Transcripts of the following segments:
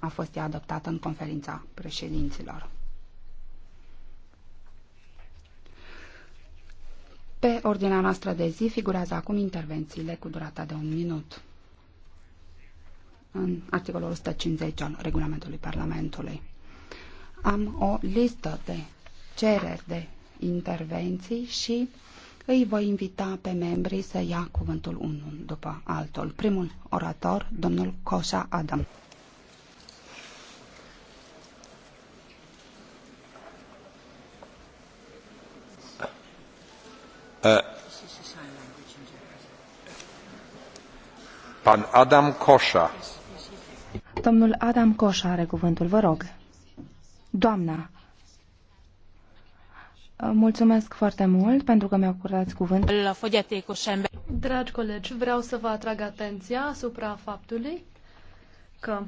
a fost ea adoptată în conferința președinților. Pe ordinea noastră de zi figurează acum intervențiile cu durata de un minut în articolul 150 al regulamentului Parlamentului. Am o listă de cereri de intervenții și îi voi invita pe membrii să ia cuvântul unul după altul. Primul orator, domnul Coșa Adam. Pan Adam Coșa. Domnul Adam Coșa are cuvântul, vă rog. Doamna, mulțumesc foarte mult pentru că mi-au curat cuvântul. Dragi colegi, vreau să vă atrag atenția asupra faptului că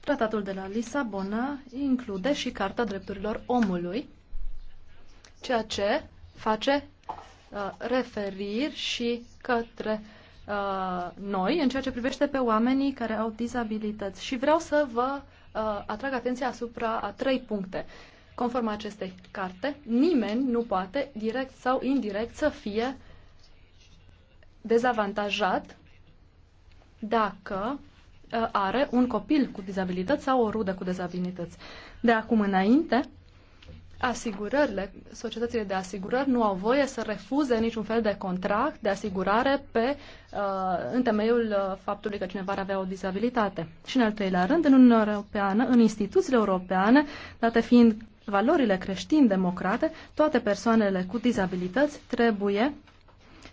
tratatul de la Lisabona include și Carta Drepturilor Omului, ceea ce face Uh, referiri și către uh, noi în ceea ce privește pe oamenii care au dizabilități. Și vreau să vă uh, atrag atenția asupra a trei puncte. Conform acestei carte, nimeni nu poate, direct sau indirect, să fie dezavantajat dacă are un copil cu dizabilități sau o rudă cu dizabilități. De acum înainte, asigurările, societățile de asigurări nu au voie să refuze niciun fel de contract de asigurare pe, uh, în temeiul uh, faptului că cineva ar avea o dizabilitate. Și în al treilea rând, în Uniunea Europeană, în instituțiile europeane, date fiind valorile creștin-democrate, toate persoanele cu dizabilități trebuie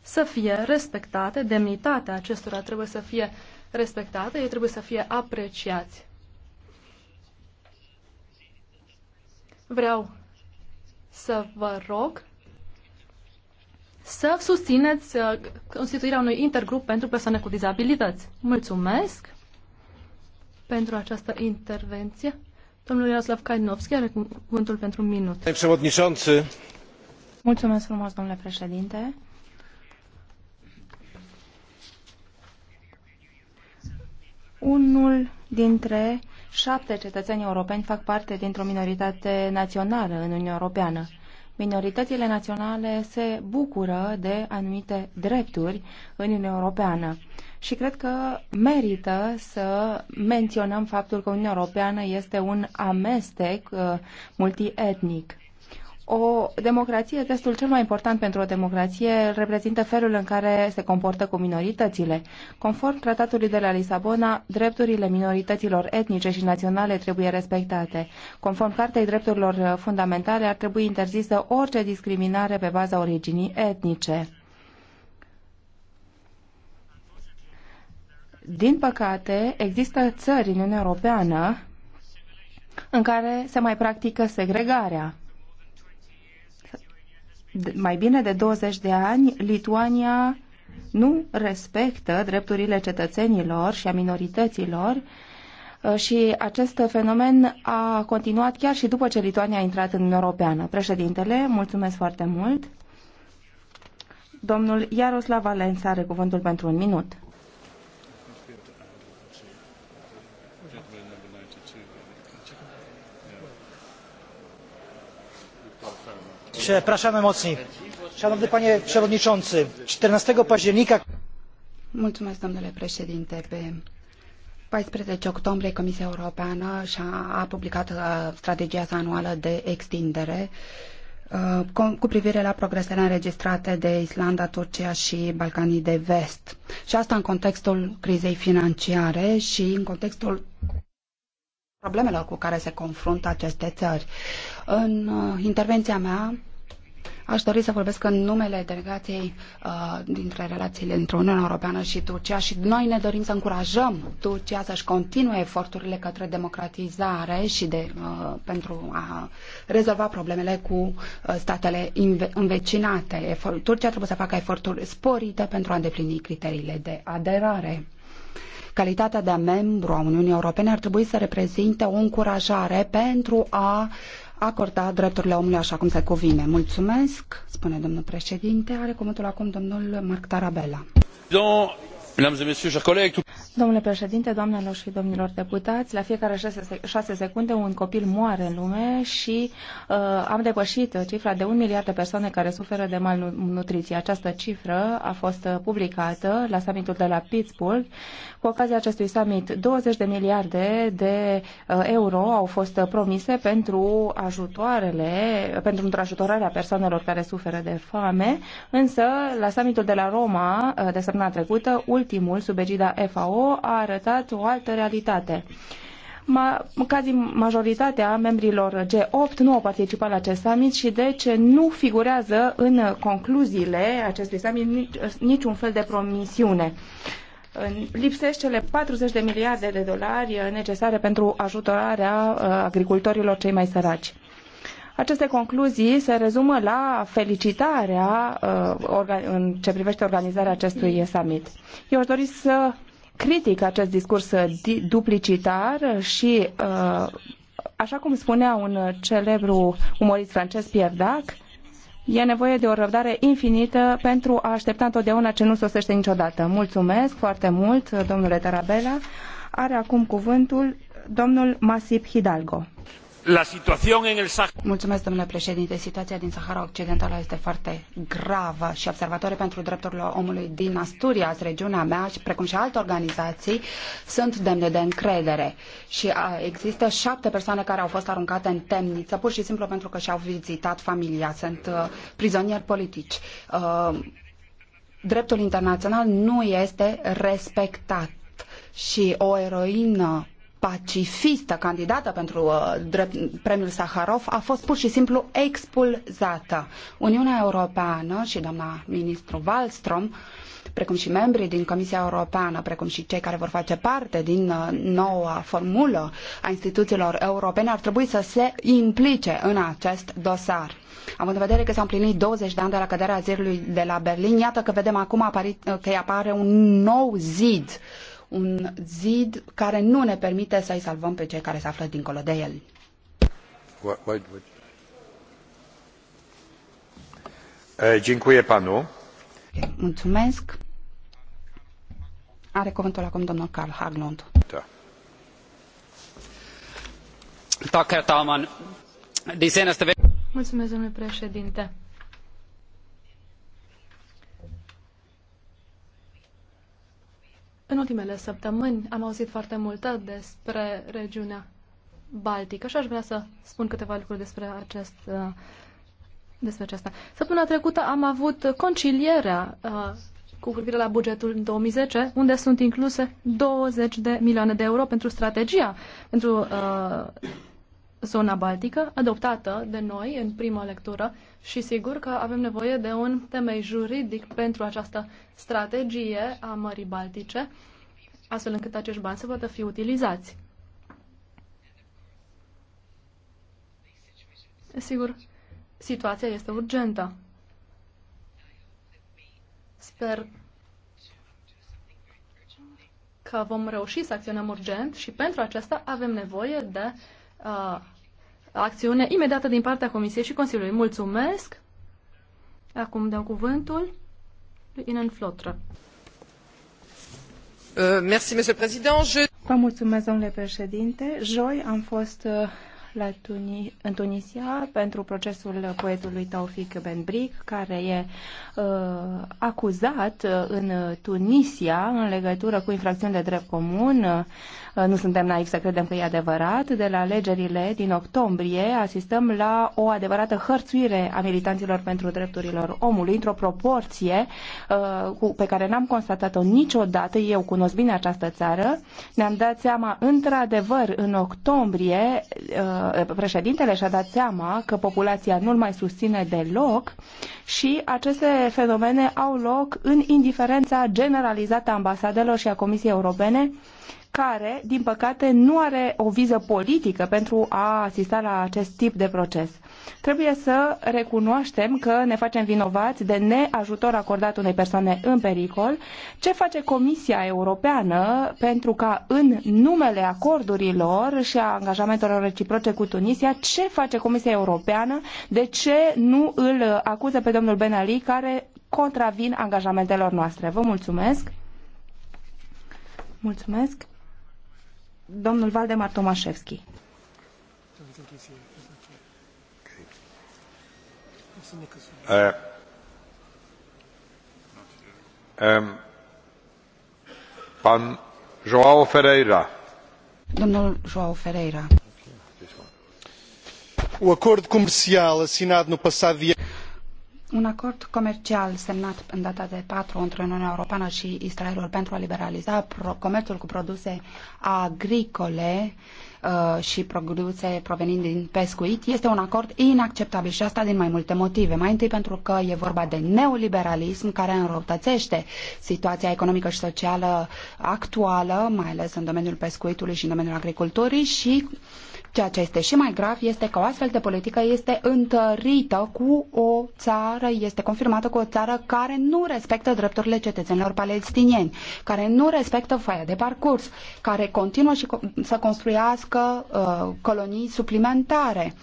să fie respectate, demnitatea acestora trebuie să fie respectată, ei trebuie să fie apreciați. Vreau să vă rog să susțineți uh, constituirea unui intergrup pentru persoane cu dizabilități. Mulțumesc pentru această intervenție. Domnul Iaslav Kajnovski, are cuvântul pentru un minut. Mulțumesc frumos, domnule președinte. Unul dintre șapte cetățeni europeni fac parte dintr-o minoritate națională în Uniunea Europeană. Minoritățile naționale se bucură de anumite drepturi în Uniunea Europeană și cred că merită să menționăm faptul că Uniunea Europeană este un amestec uh, multietnic o democrație, testul cel mai important pentru o democrație reprezintă felul în care se comportă cu minoritățile. Conform tratatului de la Lisabona, drepturile minorităților etnice și naționale trebuie respectate. Conform Cartei Drepturilor Fundamentale, ar trebui interzisă orice discriminare pe baza originii etnice. Din păcate, există țări în Uniunea Europeană în care se mai practică segregarea mai bine de 20 de ani, Lituania nu respectă drepturile cetățenilor și a minorităților uh, și acest fenomen a continuat chiar și după ce Lituania a intrat în Europeană. Președintele, mulțumesc foarte mult. Domnul Iaroslav Valența are cuvântul pentru un minut. Mulțumesc, domnule președinte. Pe 14 octombrie Comisia Europeană și-a a publicat uh, strategia sa anuală de extindere uh, cu privire la progresele înregistrate de Islanda, Turcia și Balcanii de Vest. Și asta în contextul crizei financiare și în contextul problemelor cu care se confruntă aceste țări. În uh, intervenția mea Aș dori să vorbesc în numele delegației uh, dintre relațiile dintre Uniunea Europeană și Turcia și noi ne dorim să încurajăm Turcia să-și continue eforturile către democratizare și de, uh, pentru a rezolva problemele cu uh, statele învecinate. Efort, Turcia trebuie să facă eforturi sporite pentru a îndeplini criteriile de aderare calitatea de membru a Uniunii Europene ar trebui să reprezinte o încurajare pentru a acorda drepturile omului așa cum se cuvine. Mulțumesc, spune domnul președinte. Are cuvântul acum domnul Marc Tarabella. Don, mesdames et messieurs, chers collègues, Domnule președinte, doamnelor și domnilor deputați, la fiecare șase secunde un copil moare în lume și uh, am depășit uh, cifra de un miliard de persoane care suferă de malnutriție. Această cifră a fost uh, publicată la summitul de la Pittsburgh. Cu ocazia acestui summit, 20 de miliarde de uh, euro au fost promise pentru ajutoarele, pentru ajutorarea persoanelor care suferă de foame, însă la summitul de la Roma de săptămâna trecută, ultimul sub egida FAO, WHO a arătat o altă realitate. Ma, cazii majoritatea membrilor G8 nu au participat la acest summit și deci nu figurează în concluziile acestui summit niciun fel de promisiune lipsește cele 40 de miliarde de dolari necesare pentru ajutorarea uh, agricultorilor cei mai săraci. Aceste concluzii se rezumă la felicitarea uh, în ce privește organizarea acestui summit. Eu aș dori să critic acest discurs uh, duplicitar și, uh, așa cum spunea un celebru umorist francez, Pierre Dac, E nevoie de o răbdare infinită pentru a aștepta întotdeauna ce nu sosește niciodată. Mulțumesc foarte mult, domnule Tarabella. Are acum cuvântul domnul Masip Hidalgo. La situación en el Mulțumesc, domnule președinte. Situația din Sahara Occidentală este foarte gravă și observatorii pentru drepturile omului din Asturias, regiunea mea, precum și alte organizații, sunt demne de încredere. Și a, există șapte persoane care au fost aruncate în temniță, pur și simplu pentru că și-au vizitat familia. Sunt uh, prizonieri politici. Uh, dreptul internațional nu este respectat și o eroină pacifistă, candidată pentru uh, drept, premiul Saharov, a fost pur și simplu expulzată. Uniunea Europeană și doamna ministru Wallström, precum și membrii din Comisia Europeană, precum și cei care vor face parte din uh, noua formulă a instituțiilor europene, ar trebui să se implice în acest dosar. Având în vedere că s-au împlinit 20 de ani de la căderea zirului de la Berlin, iată că vedem acum apari, că apare un nou zid uh, un zid care nu ne permite să-i salvăm pe cei care se află dincolo de el. Eh, Mulțumesc. Are cuvântul acum domnul Carl Haglund. Da. Mulțumesc, domnule președinte În ultimele săptămâni am auzit foarte multă despre regiunea Baltică și aș vrea să spun câteva lucruri despre acest uh, despre aceasta. Săptămâna trecută am avut concilierea uh, cu privire la bugetul 2010, unde sunt incluse 20 de milioane de euro pentru strategia, pentru uh, zona baltică, adoptată de noi în prima lectură și sigur că avem nevoie de un temei juridic pentru această strategie a Mării Baltice, astfel încât acești bani să poată fi utilizați. Sigur, situația este urgentă. Sper că vom reuși să acționăm urgent și pentru aceasta avem nevoie de uh, uh, acțiune imediată din partea Comisiei și Consiliului. Mulțumesc! Acum dau cuvântul lui Inan Flotră. Uh, merci, Vă mulțumesc, domnule președinte. Joi am fost uh, la Tuni- în Tunisia pentru procesul poetului Taufik Ben Brik, care e uh, acuzat în Tunisia în legătură cu infracțiuni de drept comun. Uh, nu suntem naivi să credem că e adevărat. De la alegerile din octombrie asistăm la o adevărată hărțuire a militanților pentru drepturilor omului într-o proporție uh, cu, pe care n-am constatat-o niciodată. Eu cunosc bine această țară. Ne-am dat seama într-adevăr în octombrie uh, Uh, președintele și-a dat seama că populația nu-l mai susține deloc și aceste fenomene au loc în indiferența generalizată a ambasadelor și a Comisiei Europene care, din păcate, nu are o viză politică pentru a asista la acest tip de proces. Trebuie să recunoaștem că ne facem vinovați de neajutor acordat unei persoane în pericol. Ce face Comisia Europeană pentru ca în numele acordurilor și a angajamentelor reciproce cu Tunisia, ce face Comisia Europeană? De ce nu îl acuză pe domnul Ben Ali care contravin angajamentelor noastre? Vă mulțumesc! Mulțumesc! Domnul Valdemar Tomașevski. Eh, pan Joao Ferreira. Domnul Joao Ferreira. O acordo comercial assinado no passado dia un acord comercial semnat în data de 4 între Uniunea Europeană și Israelul pentru a liberaliza comerțul cu produse agricole uh, și produse provenind din pescuit este un acord inacceptabil și asta din mai multe motive. Mai întâi pentru că e vorba de neoliberalism care înrăutățește situația economică și socială actuală, mai ales în domeniul pescuitului și în domeniul agriculturii și Ceea ce este și mai grav este că o astfel de politică este întărită cu o țară, este confirmată cu o țară care nu respectă drepturile cetățenilor palestinieni, care nu respectă foaia de parcurs, care continuă și să construiască uh, colonii suplimentare. Uh,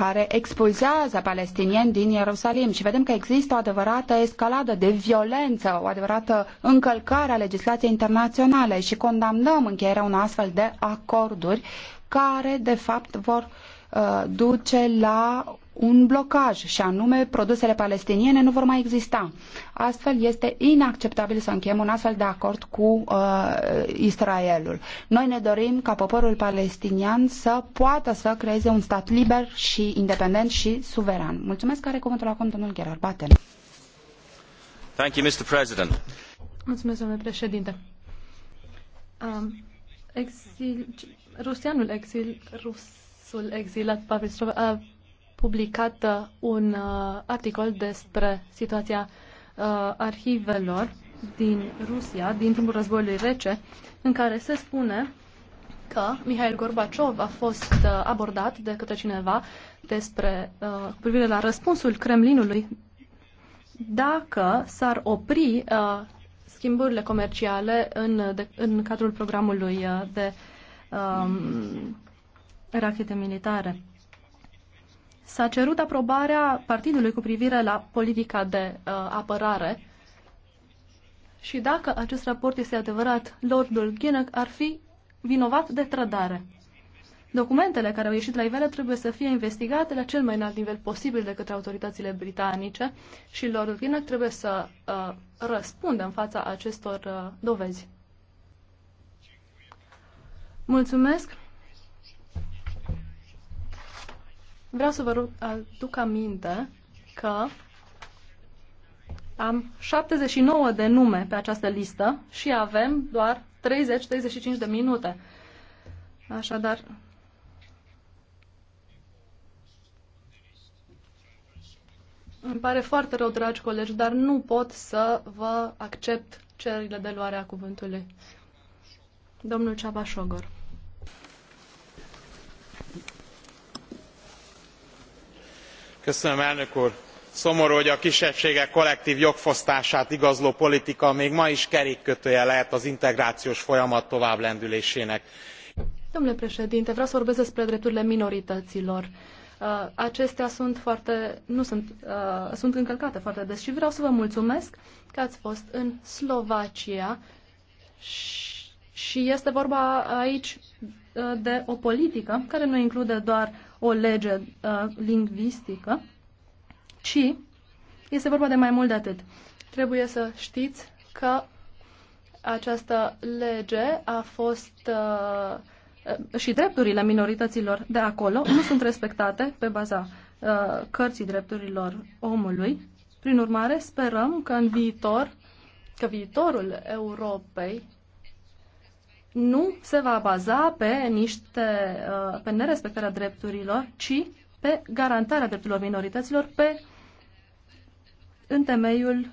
care expulzează palestinieni din Ierusalim și vedem că există o adevărată escaladă de violență, o adevărată încălcare a legislației internaționale și condamnăm încheierea unor astfel de acorduri care, de fapt, vor uh, duce la un blocaj și anume produsele palestiniene nu vor mai exista. Astfel este inacceptabil să încheiem un astfel de acord cu uh, Israelul. Noi ne dorim ca poporul palestinian să poată să creeze un stat liber și independent și suveran. Mulțumesc, care cuvântul acum domnul Gerard Baten. Thank you, Mr. President. Mulțumesc, domnule președinte. Um, exil, rusianul exil, rusul exilat Pavel Strova, a publicat uh, un uh, articol despre situația uh, arhivelor din Rusia, din timpul războiului rece, în care se spune că Mihail Gorbaciov a fost abordat de către cineva despre, cu privire la răspunsul Kremlinului dacă s-ar opri uh, schimburile comerciale în, de, în cadrul programului de um, rachete militare. S-a cerut aprobarea partidului cu privire la politica de uh, apărare și dacă acest raport este adevărat, Lordul Ginnock ar fi vinovat de trădare. Documentele care au ieșit la iveală trebuie să fie investigate la cel mai înalt nivel posibil de către autoritățile britanice și Lordul Ginnock trebuie să uh, răspundă în fața acestor uh, dovezi. Mulțumesc! Vreau să vă aduc aminte că am 79 de nume pe această listă și avem doar 30-35 de minute. Așadar, îmi pare foarte rău, dragi colegi, dar nu pot să vă accept cererile de luare a cuvântului. Domnul Ceaba Șogor szomorú hogy a kisebbségek kollektv jogfosztását igazoló politika még ma is kerékkötője lehet az integrációs folyamat továbblendülésének. domnule Președinte, vreau să vorbesc despre drepturile minorităților. Uh, acestea sunt foarte, nu sunt, uh, sunt încălcate foarte des și vreau să vă mulțumesc că ați fost în Slovacia și este vorba aici Uh, de o politică care nu include doar o lege uh, lingvistică, ci este vorba de mai mult de atât. Trebuie să știți că această lege a fost uh, și drepturile minorităților de acolo nu sunt respectate pe baza uh, cărții drepturilor omului. Prin urmare, sperăm că în viitor, că viitorul Europei nu se va baza pe niște, uh, pe nerespectarea drepturilor, ci pe garantarea drepturilor minorităților, pe în temeiul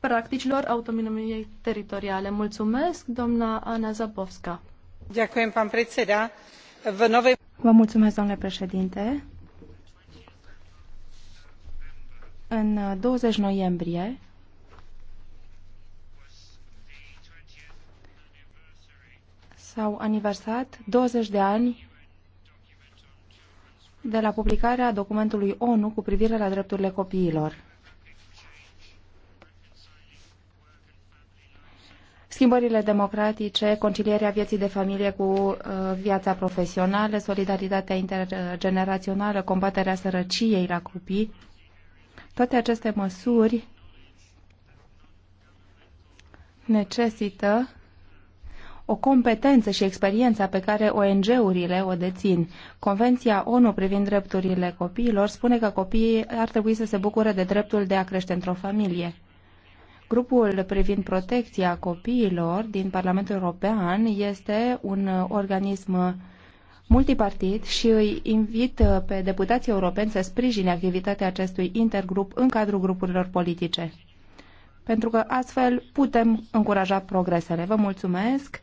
practicilor autonomiei teritoriale. Mulțumesc, doamna Ana Zabovska. Vă mulțumesc, domnule președinte. În 20 noiembrie, s-au aniversat 20 de ani de la publicarea documentului ONU cu privire la drepturile copiilor. Schimbările democratice, concilierea vieții de familie cu uh, viața profesională, solidaritatea intergenerațională, combaterea sărăciei la copii, toate aceste măsuri necesită o competență și experiența pe care ONG-urile o dețin. Convenția ONU privind drepturile copiilor spune că copiii ar trebui să se bucure de dreptul de a crește într-o familie. Grupul privind protecția copiilor din Parlamentul European este un organism multipartit și îi invit pe deputații europeni să sprijine activitatea acestui intergrup în cadrul grupurilor politice. Pentru că astfel putem încuraja progresele. Vă mulțumesc.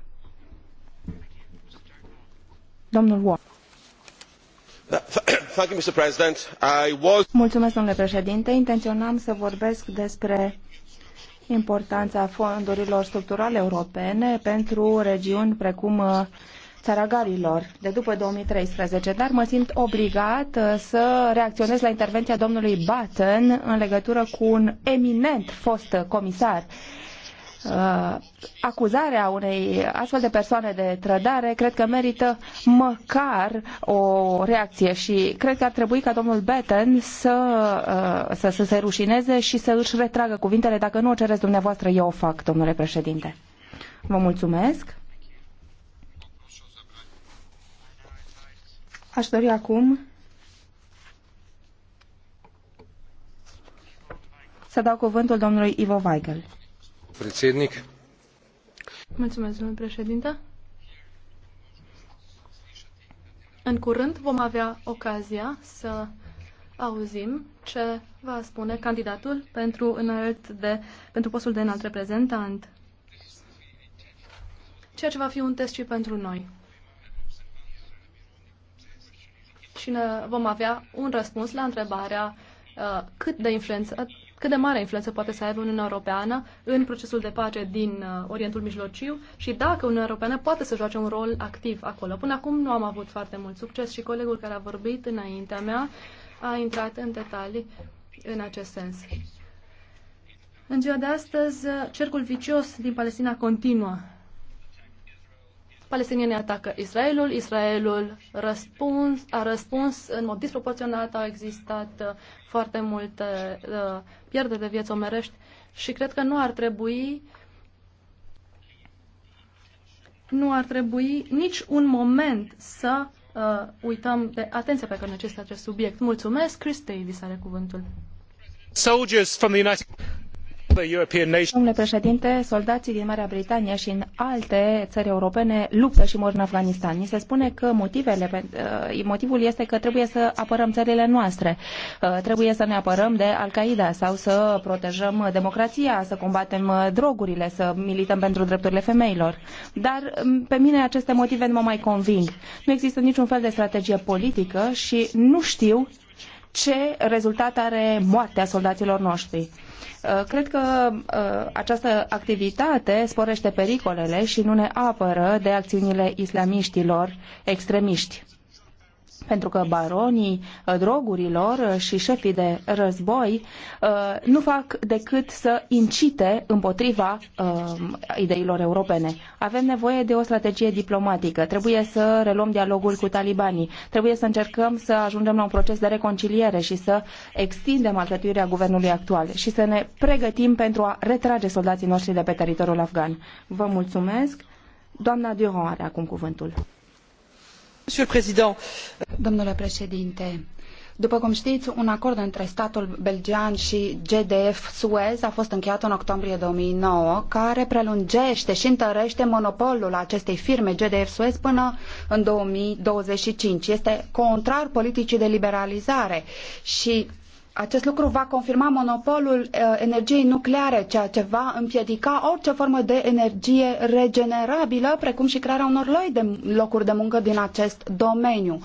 Mulțumesc, domnule președinte. Intenționam să vorbesc despre importanța fondurilor structurale europene pentru regiuni precum uh, țara Galilor de după 2013, dar mă simt obligat uh, să reacționez la intervenția domnului Batten în legătură cu un eminent fost comisar Uh, acuzarea unei astfel de persoane de trădare cred că merită măcar o reacție și cred că ar trebui ca domnul Betten să, uh, să, să se rușineze și să își retragă cuvintele. Dacă nu o cereți dumneavoastră, eu o fac, domnule președinte. Vă mulțumesc. Aș dori acum să dau cuvântul domnului Ivo Weigel. Mulțumesc, În curând vom avea ocazia să auzim ce va spune candidatul pentru, înalt de, pentru postul de înalt reprezentant. Ceea ce va fi un test și pentru noi. Și ne vom avea un răspuns la întrebarea uh, cât de influențat cât de mare influență poate să aibă Uniunea Europeană în procesul de pace din uh, Orientul Mijlociu și dacă Uniunea Europeană poate să joace un rol activ acolo. Până acum nu am avut foarte mult succes și colegul care a vorbit înaintea mea a intrat în detalii în acest sens. În ziua de astăzi, uh, cercul vicios din Palestina continuă Palestinienii atacă Israelul, Israelul răspuns, a răspuns în mod disproporționat, au existat uh, foarte multe uh, pierderi de vieți omerești și cred că nu ar trebui nu ar trebui nici un moment să uh, uităm de atenția pe care necesită acest subiect. Mulțumesc. Chris Davis are cuvântul. Soldiers from the United Domnule președinte, soldații din Marea Britanie și în alte țări europene luptă și mor în Afganistan. Ni se spune că motivele, uh, motivul este că trebuie să apărăm țările noastre, uh, trebuie să ne apărăm de Al-Qaeda sau să protejăm democrația, să combatem uh, drogurile, să milităm pentru drepturile femeilor. Dar um, pe mine aceste motive nu mă mai conving. Nu există niciun fel de strategie politică și nu știu ce rezultat are moartea soldaților noștri. Uh, cred că uh, această activitate sporește pericolele și nu ne apără de acțiunile islamiștilor extremiști pentru că baronii uh, drogurilor uh, și șefii de război uh, nu fac decât să incite împotriva ideilor europene. Avem nevoie de o strategie diplomatică, trebuie să reluăm dialogul cu talibanii, trebuie să încercăm să ajungem la un proces de reconciliere și să extindem alcătuirea guvernului actual și să ne pregătim pentru a retrage soldații noștri de pe teritoriul afgan. Vă mulțumesc. Doamna Durand, are acum cuvântul. Domnule președinte, după cum tii un acord între statul belgian i GDF Suez a fost încheiat în octombrie 2009, care prelungete i întărete monopolul acestei firme GDF Suez până în 2025. Este contrar politicii de liberalizare i acest lucru va confirma monopolul uh, energiei nucleare, ceea ce va împiedica orice formă de energie regenerabilă, precum și crearea unor loi de locuri de muncă din acest domeniu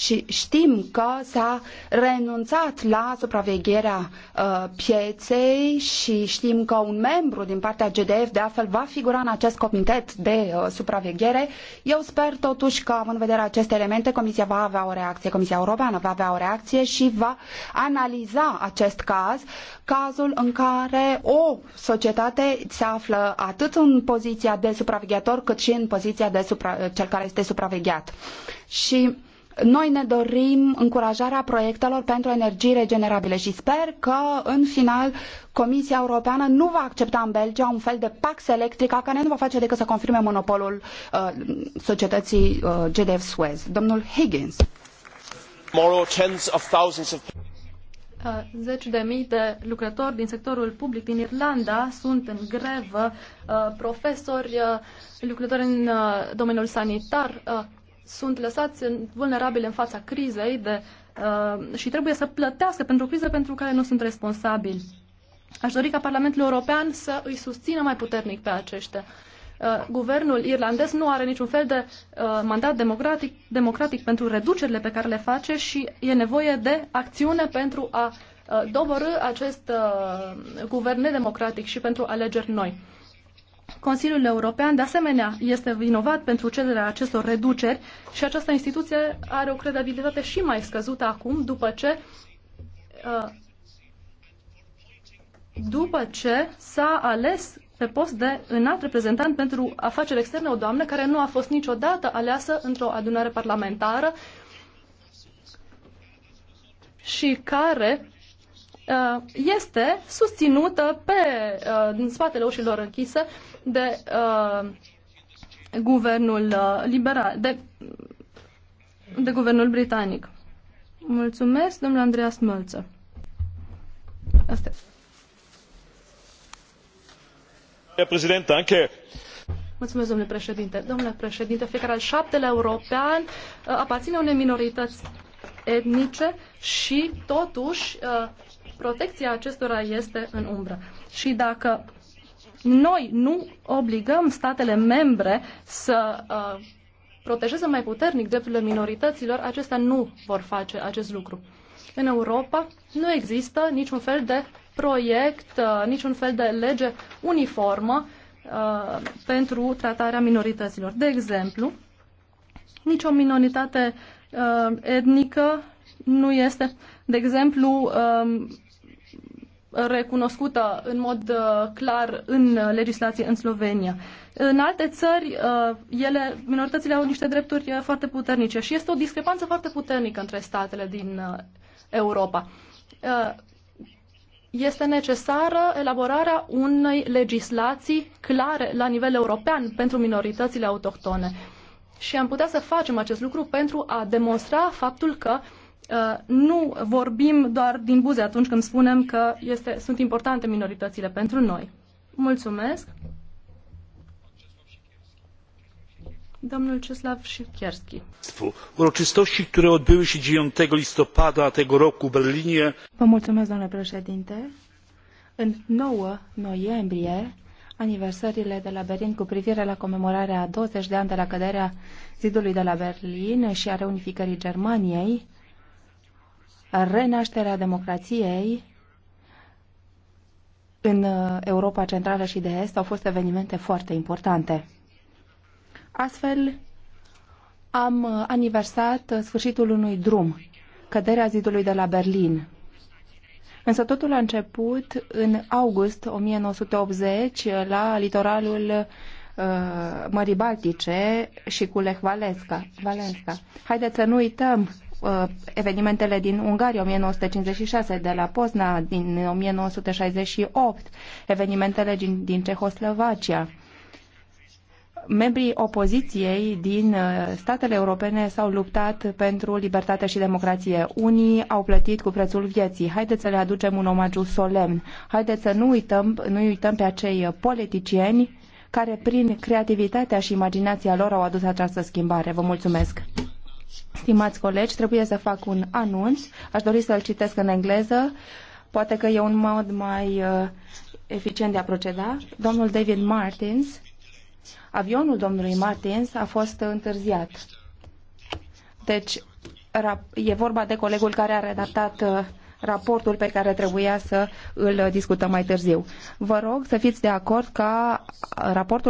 și știm că s-a renunțat la supravegherea uh, pieței și știm că un membru din partea GDF de altfel va figura în acest comitet de uh, supraveghere. Eu sper totuși că, având în vedere aceste elemente, Comisia va avea o reacție, Comisia Europeană va avea o reacție și va analiza acest caz, cazul în care o societate se află atât în poziția de supraveghetor cât și în poziția de supra- cel care este supravegheat. Și noi ne dorim încurajarea proiectelor pentru energii regenerabile și sper că, în final, Comisia Europeană nu va accepta în Belgia un fel de pax electrica care nu va face decât să confirme monopolul uh, societății uh, GDF Suez. Domnul Higgins. Uh, zeci de mii de lucrători din sectorul public din Irlanda sunt în grevă, uh, profesori, uh, lucrători în domeniul sanitar, sunt lăsați vulnerabili în fața crizei de, uh, și trebuie să plătească pentru criză pentru care nu sunt responsabili. Aș dori ca Parlamentul European să îi susțină mai puternic pe aceștia. Uh, guvernul irlandez nu are niciun fel de uh, mandat democratic, democratic pentru reducerile pe care le face și e nevoie de acțiune pentru a uh, doborâ acest uh, guvern nedemocratic și pentru alegeri noi. Consiliul European, de asemenea, este vinovat pentru cederea acestor reduceri și această instituție are o credibilitate și mai scăzută acum, după ce uh, după ce s-a ales pe post de înalt reprezentant pentru afaceri externe o doamnă care nu a fost niciodată aleasă într-o adunare parlamentară și care Uh, este susținută pe, în uh, spatele ușilor închise de uh, guvernul liberal, de, de guvernul britanic. Mulțumesc, domnul Andreas Mălță. Asta. Mulțumesc, domnule președinte. Domnule președinte, fiecare al șaptelea european aparține unei minorități etnice și totuși protecția acestora este în umbră. Și dacă noi nu obligăm statele membre să uh, protejeze mai puternic drepturile minorităților, acestea nu vor face acest lucru. În Europa nu există niciun fel de proiect, uh, niciun fel de lege uniformă uh, pentru tratarea minorităților. De exemplu, nicio minoritate uh, etnică nu este, de exemplu, uh, recunoscută în mod uh, clar în legislație în Slovenia. În alte țări, uh, ele, minoritățile au niște drepturi uh, foarte puternice și este o discrepanță foarte puternică între statele din Europa. Este necesară elaborarea unei legislații clare la nivel european pentru minoritățile autohtone. Și am putea să facem acest lucru pentru a demonstra faptul că uh, Uh, nu vorbim doar din buze atunci când spunem că este, sunt importante minoritățile pentru noi. Mulțumesc. Domnul Czesław Sikierski. Uroczystości, które odbyły się 9 listopada tego roku w Berlinie. Vă mulțumesc, domnule președinte. În 9 noiembrie, aniversările de la Berlin cu privire la comemorarea a 20 de ani de la căderea zidului de la Berlin și a reunificării Germaniei, renașterea democrației în uh, Europa Centrală și de Est au fost evenimente foarte importante. Astfel, am uh, aniversat uh, sfârșitul unui drum, căderea zidului de la Berlin. Însă totul a început în august 1980 la litoralul Mării Baltice și cu Lech Valenska. Valenska. Haideți să nu uităm Uh, evenimentele din Ungaria 1956, de la Pozna din 1968, evenimentele din, din Cehoslovacia. Membrii opoziției din uh, statele europene s-au luptat pentru libertate și democrație. Unii au plătit cu prețul vieții. Haideți să le aducem un omagiu solemn. Haideți să nu uităm, nu uităm pe acei politicieni care prin creativitatea și imaginația lor au adus această schimbare. Vă mulțumesc! Stimați colegi, trebuie să fac un anunț. Aș dori să-l citesc în engleză. Poate că e un mod mai uh, eficient de a proceda. Domnul David Martins, avionul domnului Martins a fost întârziat. Deci, e vorba de colegul care a redactat uh, raportul pe care trebuia să îl discutăm mai târziu. Vă rog să fiți de acord ca raportul